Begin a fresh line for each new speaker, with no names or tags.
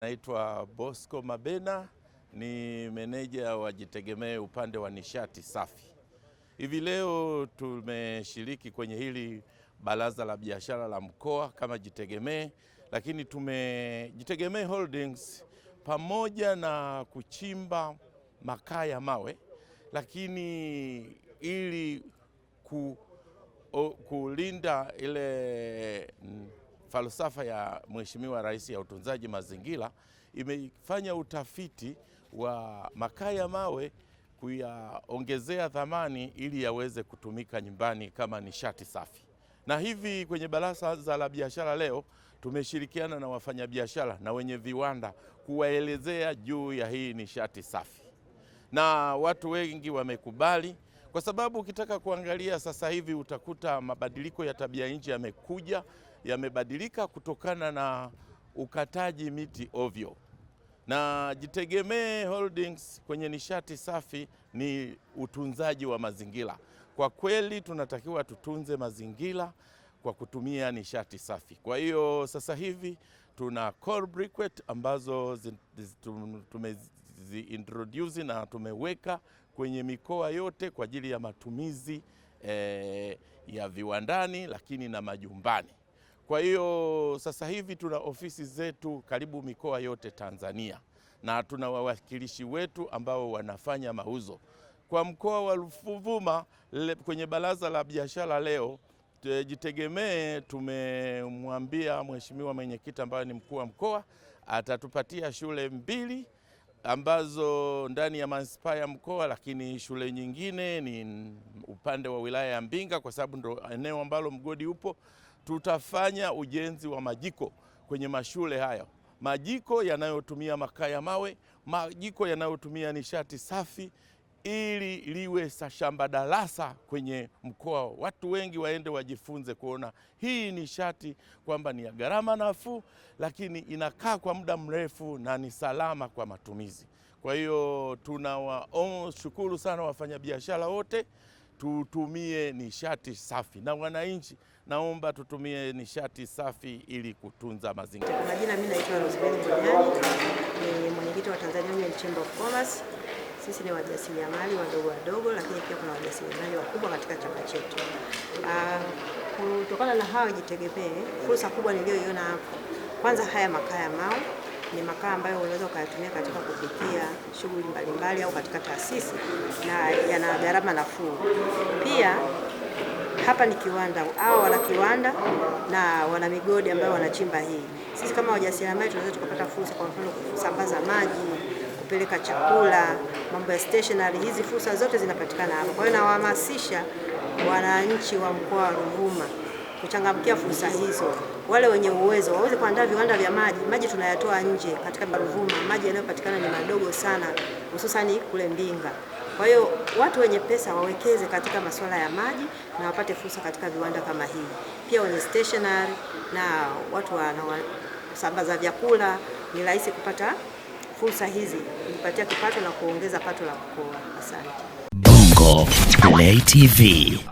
Naitwa Bosco Mabena ni meneja wa Jitegemee upande wa nishati safi. Hivi leo tumeshiriki kwenye hili baraza la biashara la mkoa kama Jitegemee, lakini tume Jitegemee Holdings pamoja na kuchimba makaa ya mawe, lakini ili ku, o, kulinda ile falsafa ya Mheshimiwa Rais ya utunzaji mazingira imefanya utafiti wa makaa ya mawe kuyaongezea thamani ili yaweze kutumika nyumbani kama nishati safi. Na hivi kwenye baraza la biashara leo tumeshirikiana na wafanyabiashara na wenye viwanda kuwaelezea juu ya hii nishati safi, na watu wengi wamekubali kwa sababu ukitaka kuangalia sasa hivi utakuta mabadiliko ya tabia nchi yamekuja, yamebadilika kutokana na ukataji miti ovyo, na Jitegemee Holdings kwenye nishati safi ni utunzaji wa mazingira. Kwa kweli tunatakiwa tutunze mazingira kwa kutumia nishati safi. Kwa hiyo sasa hivi tuna coal briquette ambazo zi, zi, tum, tume introduce na tumeweka kwenye mikoa yote kwa ajili ya matumizi eh, ya viwandani lakini na majumbani. Kwa hiyo sasa hivi tuna ofisi zetu karibu mikoa yote Tanzania na tuna wawakilishi wetu ambao wanafanya mauzo kwa mkoa wa Ruvuma kwenye baraza la biashara leo jitegemee tumemwambia mheshimiwa mwenyekiti ambaye ni mkuu wa mkoa atatupatia shule mbili ambazo ndani ya manispaa ya Mkoa, lakini shule nyingine ni upande wa wilaya ya Mbinga kwa sababu ndo eneo ambalo mgodi upo. Tutafanya ujenzi wa majiko kwenye mashule hayo, majiko yanayotumia makaa ya mawe, majiko yanayotumia nishati safi ili liwe shamba darasa kwenye mkoa. Watu wengi waende wajifunze kuona hii ni shati kwamba ni ya gharama nafuu, lakini inakaa kwa muda mrefu na ni salama kwa matumizi. Kwa hiyo tunawashukuru sana wafanyabiashara wote tutumie nishati safi na wananchi, naomba tutumie nishati safi ili kutunza mazingira.
Kwa majina, mimi naitwa Rosemary Mnyani, ni mwenyekiti wa Tanzania Union Chamber of Commerce. Sisi ni wajasiriamali wadogo wadogo, lakini pia kuna wajasiriamali wakubwa katika chama chetu. Ah, kutokana na hawa jitegemee, fursa kubwa niliyoiona hapo, kwanza haya makaa ya mawe ni makaa ambayo unaweza ukayatumia katika kupikia shughuli mbalimbali au katika taasisi na yana gharama nafuu. Pia hapa ni kiwanda au wana kiwanda na wana migodi ambayo wanachimba hii. Sisi kama wajasiriamali tunaweza tukapata fursa, kwa mfano kusambaza maji, kupeleka chakula, mambo ya stationery. Hizi fursa zote zinapatikana hapa. Kwa hiyo nawahamasisha wananchi wa mkoa wa Ruvuma kuchangamkia fursa hizo. Wale wenye uwezo waweze kuandaa viwanda vya maji. Maji tunayatoa nje katika Ruvuma, maji yanayopatikana ni madogo sana, hususani kule Mbinga. Kwa hiyo watu wenye pesa wawekeze katika masuala ya maji na wapate fursa katika viwanda kama hivi, pia wenye stationery na watu wanaosambaza vyakula ni rahisi kupata fursa hizi, kujipatia kipato na kuongeza pato la mkoa. Asante. Bongo Play TV.